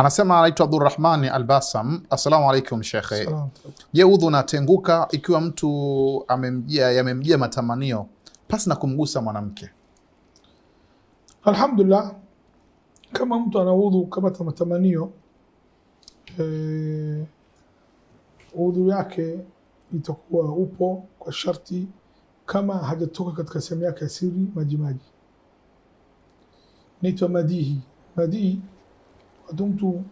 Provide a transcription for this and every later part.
Anasema anaitwa Abdurrahmani Albasam. Assalamu alaikum shekhe, je, udhu unatenguka ikiwa mtu amemjia yamemjia matamanio pasi na kumgusa mwanamke? Alhamdulillah, kama mtu ana udhu kama matamanio e, udhu yake itakuwa upo kwa sharti kama hajatoka katika sehemu yake ya siri majimaji, naitwa madihi madihi mtu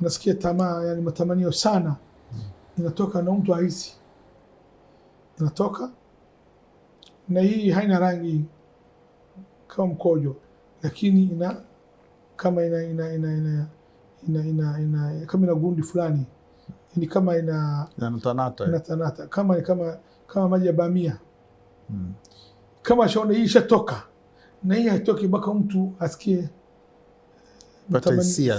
nasikia tamaa, yani matamanio sana inatoka na mtu ahisi inatoka, na hii haina rangi kama mkojo, lakini ina kama ina ina ina ina ina ina ina kama ina gundi fulani, ni kama ina inatanata inatanata kama kama kama maji ya bamia hmm. kama shaona hii ishatoka na hii haitoki mpaka mtu asikie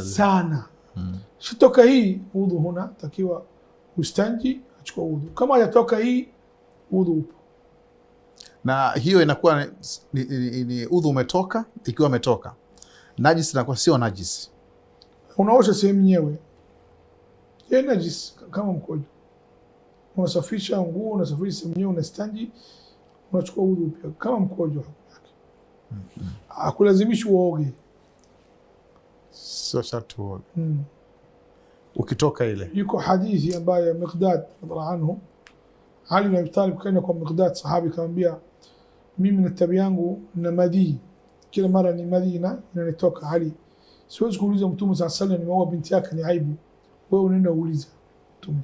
sana mm. Shitoka hii udhu huna takiwa ustanji, achukua udhu. Kama ajatoka hii udhu upo, na hiyo inakuwa ni, ni, ni, ni udhu umetoka. Ikiwa umetoka najisi inakuwa sio najisi, unaosha sehemu nyewe ye najisi kama mkojo, unasafisha nguo, unasafisha sehemu nyewe, unastanji, unachukua udhu pia kama mkojo. Hmm, hmm. Hakulazimishi uoge sio sharti uoge mm. ukitoka ile. Yuko hadithi ambayo Miqdad radhiallahu anhu, Ali bin Abi Talib kaenda kwa Miqdad sahabi, kamwambia mimi na tabia yangu na madhi, kila mara ni Madina na inanitoka. Ali, siwezi kuuliza Mtume saa sallam, nimeoa binti yake, ni aibu. Wewe unaenda uuliza Mtume.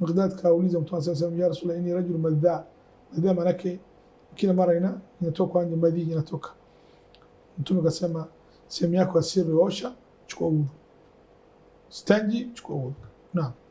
Miqdad kauliza Mtume saa sallam, ya Rasul, ini rajul madha. Madha manake kila mara ina inatoka, madhi inatoka. Mtume kasema sehemu yako ya osha chukua uhuru. Stendi, chukua uhuru. Naam.